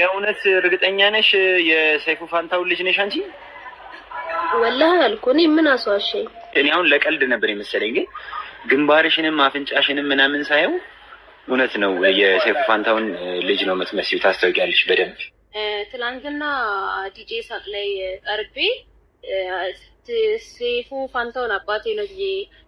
የእውነት እርግጠኛ ነሽ የሰይፉ ፋንታውን ልጅ ነሽ አንቺ? ወላሂ አልኩ። እኔ ምን አስዋሸኝ? እኔ አሁን ለቀልድ ነበር የመሰለኝ፣ ግን ግንባርሽንም አፍንጫሽንም ምናምን ሳየው እውነት ነው የሰይፉ ፋንታውን ልጅ ነው የምትመስይው። ታስታውቂያለሽ በደንብ። ትናንትና ዲጄ ሳቅ ላይ ቀርቤ ሴፉ ፋንታውን አባቴ ነው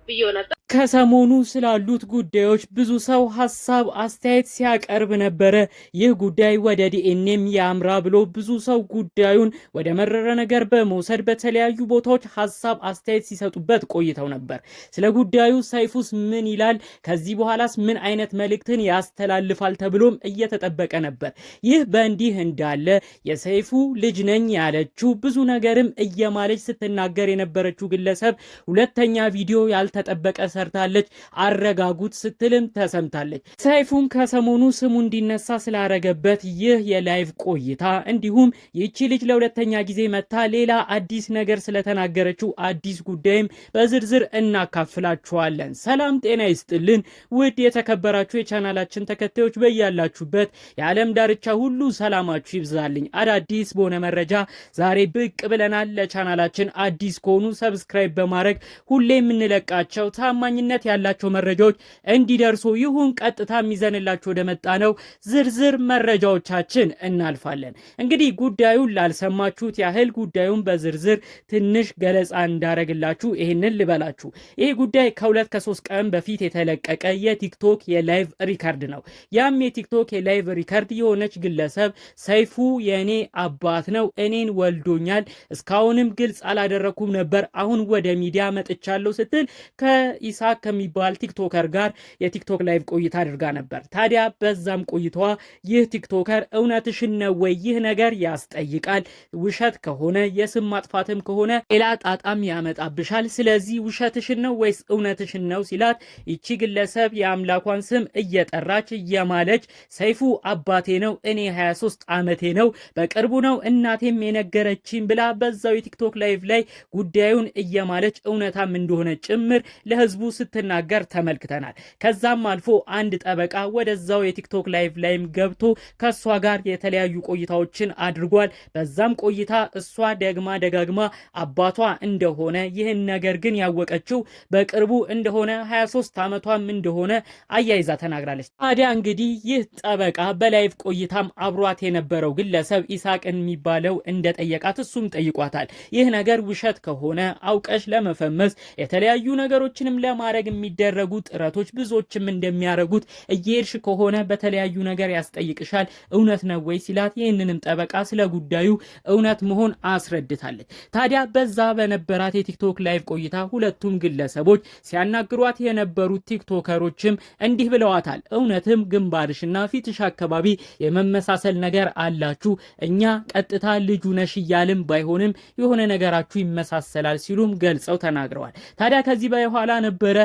ብዬ ነበር። ከሰሞኑ ስላሉት ጉዳዮች ብዙ ሰው ሀሳብ አስተያየት ሲያቀርብ ነበረ። ይህ ጉዳይ ወደ ዲኤንኤም ያምራ ብሎ ብዙ ሰው ጉዳዩን ወደ መረረ ነገር በመውሰድ በተለያዩ ቦታዎች ሀሳብ አስተያየት ሲሰጡበት ቆይተው ነበር። ስለ ጉዳዩ ሰይፉስ ምን ይላል፣ ከዚህ በኋላስ ምን አይነት መልእክትን ያስተላልፋል ተብሎም እየተጠበቀ ነበር። ይህ በእንዲህ እንዳለ የሰይፉ ልጅ ነኝ ያለችው ብዙ ነገርም እየማለች ስትናገር ቲኔጀር የነበረችው ግለሰብ ሁለተኛ ቪዲዮ ያልተጠበቀ ሰርታለች፣ አረጋጉት ስትልም ተሰምታለች። ሰይፉን ከሰሞኑ ስሙ እንዲነሳ ስላረገበት ይህ የላይቭ ቆይታ እንዲሁም ይቺ ልጅ ለሁለተኛ ጊዜ መታ ሌላ አዲስ ነገር ስለተናገረችው አዲስ ጉዳይም በዝርዝር እናካፍላችኋለን። ሰላም ጤና ይስጥልን ውድ የተከበራችሁ የቻናላችን ተከታዮች በያላችሁበት የዓለም ዳርቻ ሁሉ ሰላማችሁ ይብዛልኝ። አዳዲስ በሆነ መረጃ ዛሬ ብቅ ብለናል። ለቻናላችን አዲስ አዲስ ከሆኑ ሰብስክራይብ በማድረግ ሁሌ የምንለቃቸው ታማኝነት ያላቸው መረጃዎች እንዲደርሱ ይሁን ቀጥታ የሚዘንላቸው ወደ መጣ ነው ዝርዝር መረጃዎቻችን እናልፋለን። እንግዲህ ጉዳዩን ላልሰማችሁት ያህል ጉዳዩን በዝርዝር ትንሽ ገለጻ እንዳረግላችሁ ይህንን ልበላችሁ። ይህ ጉዳይ ከሁለት ከሶስት ቀን በፊት የተለቀቀ የቲክቶክ የላይቭ ሪከርድ ነው። ያም የቲክቶክ የላይቭ ሪከርድ የሆነች ግለሰብ ሰይፉ የእኔ አባት ነው፣ እኔን ወልዶኛል፣ እስካሁንም ግልጽ አላደረግኩ አልፈለጉም ነበር፣ አሁን ወደ ሚዲያ መጥቻለሁ ስትል ከኢሳቅ ከሚባል ቲክቶከር ጋር የቲክቶክ ላይቭ ቆይታ አድርጋ ነበር። ታዲያ በዛም ቆይታዋ ይህ ቲክቶከር እውነትሽን ነው ወይ? ይህ ነገር ያስጠይቃል። ውሸት ከሆነ የስም ማጥፋትም ከሆነ ሌላ ጣጣም ያመጣብሻል። ስለዚህ ውሸትሽን ነው ወይስ እውነትሽን ነው ሲላት፣ ይቺ ግለሰብ የአምላኳን ስም እየጠራች እየማለች ሰይፉ አባቴ ነው እኔ 23 ዓመቴ ነው በቅርቡ ነው እናቴም የነገረችኝ ብላ በዛው የቲክቶክ ላይቭ ላይ ጉዳዩን እየማለች እውነታም እንደሆነ ጭምር ለህዝቡ ስትናገር ተመልክተናል። ከዛም አልፎ አንድ ጠበቃ ወደዛው የቲክቶክ ላይቭ ላይም ገብቶ ከእሷ ጋር የተለያዩ ቆይታዎችን አድርጓል። በዛም ቆይታ እሷ ደግማ ደጋግማ አባቷ እንደሆነ ይህን ነገር ግን ያወቀችው በቅርቡ እንደሆነ 23 ዓመቷም እንደሆነ አያይዛ ተናግራለች። ታዲያ እንግዲህ ይህ ጠበቃ በላይቭ ቆይታም አብሯት የነበረው ግለሰብ ኢሳቅ የሚባለው እንደጠየቃት እሱም ጠይቋታል። ይህ ነገር ውሸት ከሆነ አውቀሽ ለመፈመስ የተለያዩ ነገሮችንም ለማድረግ የሚደረጉ ጥረቶች ብዙዎችም እንደሚያደርጉት እየሄድሽ ከሆነ በተለያዩ ነገር ያስጠይቅሻል። እውነት ነው ወይ ሲላት ይህንንም ጠበቃ ስለ ጉዳዩ እውነት መሆን አስረድታለች። ታዲያ በዛ በነበራት የቲክቶክ ላይቭ ቆይታ ሁለቱም ግለሰቦች ሲያናግሯት የነበሩት ቲክቶከሮችም እንዲህ ብለዋታል። እውነትም ግንባርሽና ፊትሽ አካባቢ የመመሳሰል ነገር አላችሁ። እኛ ቀጥታ ልጁ ነሽ እያልም ባይሆንም የሆነ ነገራችሁ ይመሳሰል ያመሳሰላል ሲሉም ገልጸው ተናግረዋል። ታዲያ ከዚህ በኋላ ነበረ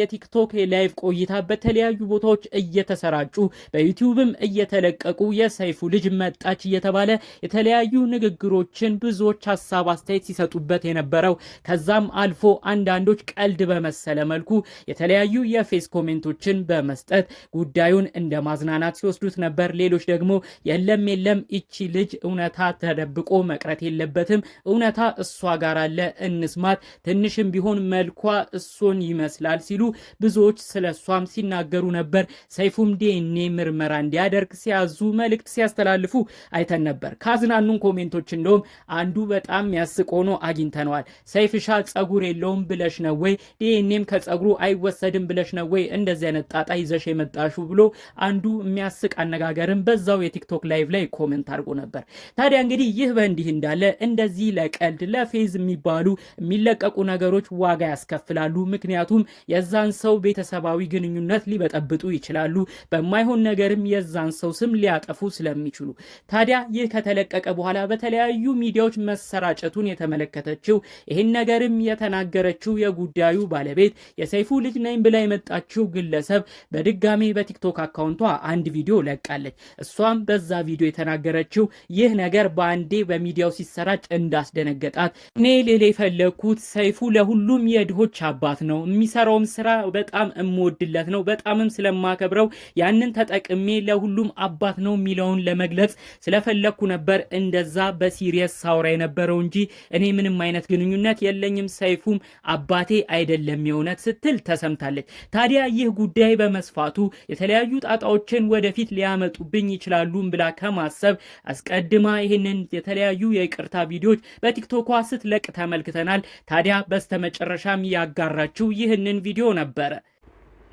የቲክቶክ ላይቭ ቆይታ በተለያዩ ቦታዎች እየተሰራጩ በዩቲዩብም እየተለቀቁ የሰይፉ ልጅ መጣች እየተባለ የተለያዩ ንግግሮችን ብዙዎች ሀሳብ አስተያየት ሲሰጡበት የነበረው ከዛም አልፎ አንዳንዶች ቀልድ በመሰለ መልኩ የተለያዩ የፌስ ኮሜንቶችን በመስጠት ጉዳዩን እንደ ማዝናናት ሲወስዱት ነበር። ሌሎች ደግሞ የለም የለም፣ ይቺ ልጅ እውነታ ተደብቆ መቅረት የለበትም እውነታ እሷ ጋር ጋር አለ፣ እንስማት። ትንሽም ቢሆን መልኳ እሱን ይመስላል ሲሉ ብዙዎች ስለሷም ሲናገሩ ነበር። ሰይፉም ዲኤንኤ ምርመራ እንዲያደርግ ሲያዙ መልእክት ሲያስተላልፉ አይተን ነበር። ካዝናኑን ኮሜንቶች እንደውም አንዱ በጣም የሚያስቅ ሆኖ አግኝተነዋል። ሰይፍሻ ጸጉር የለውም ብለሽ ነው ወይ? ዲኤንኤም ከጸጉሩ አይወሰድም ብለሽ ነው ወይ እንደዚህ አይነት ጣጣ ይዘሽ የመጣሹ ብሎ አንዱ የሚያስቅ አነጋገርም በዛው የቲክቶክ ላይቭ ላይ ኮሜንት አድርጎ ነበር። ታዲያ እንግዲህ ይህ በእንዲህ እንዳለ እንደዚህ ለቀልድ ለፌዝ የሚባሉ የሚለቀቁ ነገሮች ዋጋ ያስከፍላሉ። ምክንያቱም የዛን ሰው ቤተሰባዊ ግንኙነት ሊበጠብጡ ይችላሉ። በማይሆን ነገርም የዛን ሰው ስም ሊያጠፉ ስለሚችሉ ታዲያ ይህ ከተለቀቀ በኋላ በተለያዩ ሚዲያዎች መሰራጨቱን የተመለከተችው ይህን ነገርም የተናገረችው የጉዳዩ ባለቤት የሰይፉ ልጅ ነኝ ብላ የመጣችው ግለሰብ በድጋሜ በቲክቶክ አካውንቷ አንድ ቪዲዮ ለቃለች። እሷም በዛ ቪዲዮ የተናገረችው ይህ ነገር በአንዴ በሚዲያው ሲሰራጭ እንዳስደነገጣት እኔ ልል የፈለግኩት ሰይፉ ለሁሉም የድሆች አባት ነው። የሚሰራውም ስራ በጣም እምወድለት ነው፣ በጣምም ስለማከብረው ያንን ተጠቅሜ ለሁሉም አባት ነው የሚለውን ለመግለጽ ስለፈለግኩ ነበር እንደዛ በሲሪየስ ሳውራ የነበረው እንጂ እኔ ምንም አይነት ግንኙነት የለኝም፣ ሰይፉም አባቴ አይደለም የእውነት ስትል ተሰምታለች። ታዲያ ይህ ጉዳይ በመስፋቱ የተለያዩ ጣጣዎችን ወደፊት ሊያመጡብኝ ይችላሉ ብላ ከማሰብ አስቀድማ ይህንን የተለያዩ የይቅርታ ቪዲዮዎች በቲክቶኳ ስትለ ሲለቅ ተመልክተናል። ታዲያ በስተመጨረሻም ያጋራችው ይህንን ቪዲዮ ነበረ።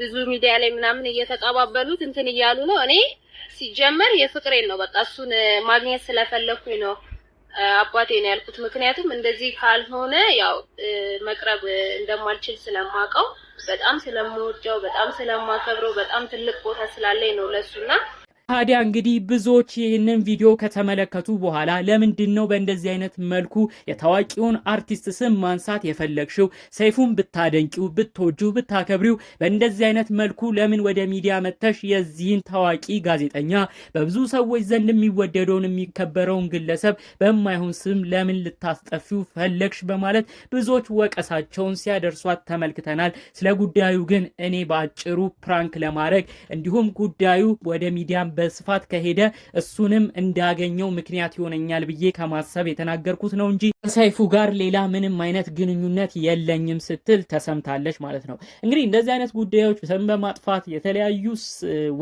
ብዙ ሚዲያ ላይ ምናምን እየተቀባበሉት እንትን እያሉ ነው። እኔ ሲጀመር የፍቅሬን ነው በቃ እሱን ማግኘት ስለፈለኩኝ ነው አባቴ ነው ያልኩት። ምክንያቱም እንደዚህ ካልሆነ ያው መቅረብ እንደማልችል ስለማውቀው በጣም ስለምወደው በጣም ስለማከብረው በጣም ትልቅ ቦታ ስላለኝ ነው ለሱና። ታዲያ እንግዲህ ብዙዎች ይህንን ቪዲዮ ከተመለከቱ በኋላ ለምንድን ነው በእንደዚህ አይነት መልኩ የታዋቂውን አርቲስት ስም ማንሳት የፈለግሽው? ሰይፉን ብታደንቂው፣ ብትወጁ፣ ብታከብሪው በእንደዚህ አይነት መልኩ ለምን ወደ ሚዲያ መተሽ የዚህን ታዋቂ ጋዜጠኛ በብዙ ሰዎች ዘንድ የሚወደደውን የሚከበረውን ግለሰብ በማይሆን ስም ለምን ልታስጠፊው ፈለግሽ? በማለት ብዙዎች ወቀሳቸውን ሲያደርሷት ተመልክተናል። ስለ ጉዳዩ ግን እኔ በአጭሩ ፕራንክ ለማድረግ እንዲሁም ጉዳዩ ወደ ሚዲያ በስፋት ከሄደ እሱንም እንዳገኘው ምክንያት ይሆነኛል ብዬ ከማሰብ የተናገርኩት ነው እንጂ ከሰይፉ ጋር ሌላ ምንም አይነት ግንኙነት የለኝም ስትል ተሰምታለች ማለት ነው። እንግዲህ እንደዚህ አይነት ጉዳዮች ስም በማጥፋት የተለያዩ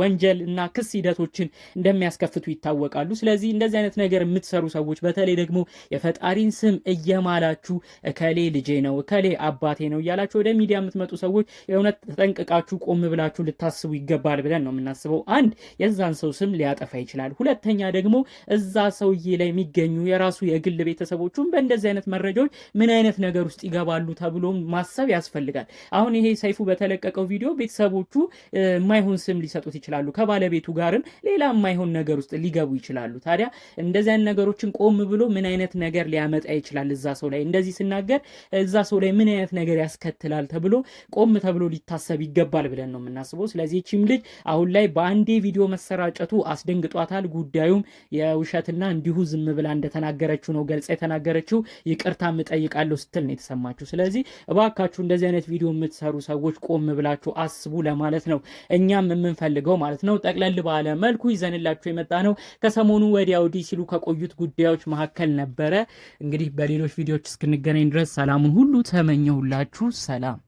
ወንጀል እና ክስ ሂደቶችን እንደሚያስከፍቱ ይታወቃሉ። ስለዚህ እንደዚህ አይነት ነገር የምትሰሩ ሰዎች በተለይ ደግሞ የፈጣሪን ስም እየማላችሁ እከሌ ልጄ ነው እከሌ አባቴ ነው እያላችሁ ወደ ሚዲያ የምትመጡ ሰዎች የእውነት ተጠንቅቃችሁ ቆም ብላችሁ ልታስቡ ይገባል ብለን ነው የምናስበው። አንድ የዛን ሰው ስም ሊያጠፋ ይችላል። ሁለተኛ ደግሞ እዛ ሰውዬ ላይ የሚገኙ የራሱ የግል ቤተሰቦቹም በእንደዚህ አይነት መረጃዎች ምን አይነት ነገር ውስጥ ይገባሉ ተብሎ ማሰብ ያስፈልጋል። አሁን ይሄ ሰይፉ በተለቀቀው ቪዲዮ ቤተሰቦቹ የማይሆን ስም ሊሰጡት ይችላሉ። ከባለቤቱ ጋርም ሌላ የማይሆን ነገር ውስጥ ሊገቡ ይችላሉ። ታዲያ እንደዚህ አይነት ነገሮችን ቆም ብሎ ምን አይነት ነገር ሊያመጣ ይችላል እዛ ሰው ላይ እንደዚህ ስናገር እዛ ሰው ላይ ምን አይነት ነገር ያስከትላል ተብሎ ቆም ተብሎ ሊታሰብ ይገባል ብለን ነው የምናስበው። ስለዚህ ቺም ልጅ አሁን ላይ በአንዴ ቪዲዮ መሰራ መቋጨቱ አስደንግጧታል። ጉዳዩም የውሸትና እንዲሁ ዝም ብላ እንደተናገረችው ነው ገልጻ የተናገረችው። ይቅርታ እጠይቃለሁ ስትል ነው የተሰማችው። ስለዚህ እባካችሁ እንደዚህ አይነት ቪዲዮ የምትሰሩ ሰዎች ቆም ብላችሁ አስቡ ለማለት ነው እኛም የምንፈልገው ማለት ነው። ጠቅለል ባለ መልኩ ይዘንላችሁ የመጣ ነው። ከሰሞኑ ወዲያ ወዲህ ሲሉ ከቆዩት ጉዳዮች መካከል ነበረ። እንግዲህ በሌሎች ቪዲዮዎች እስክንገናኝ ድረስ ሰላሙን ሁሉ ተመኘሁላችሁ። ሰላም